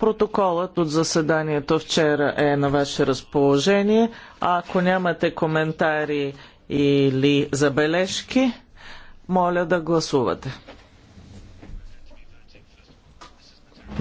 Протоколът от заседанието вчера е на ваше разположение. А ако нямате коментари или забележки, моля да гласувате.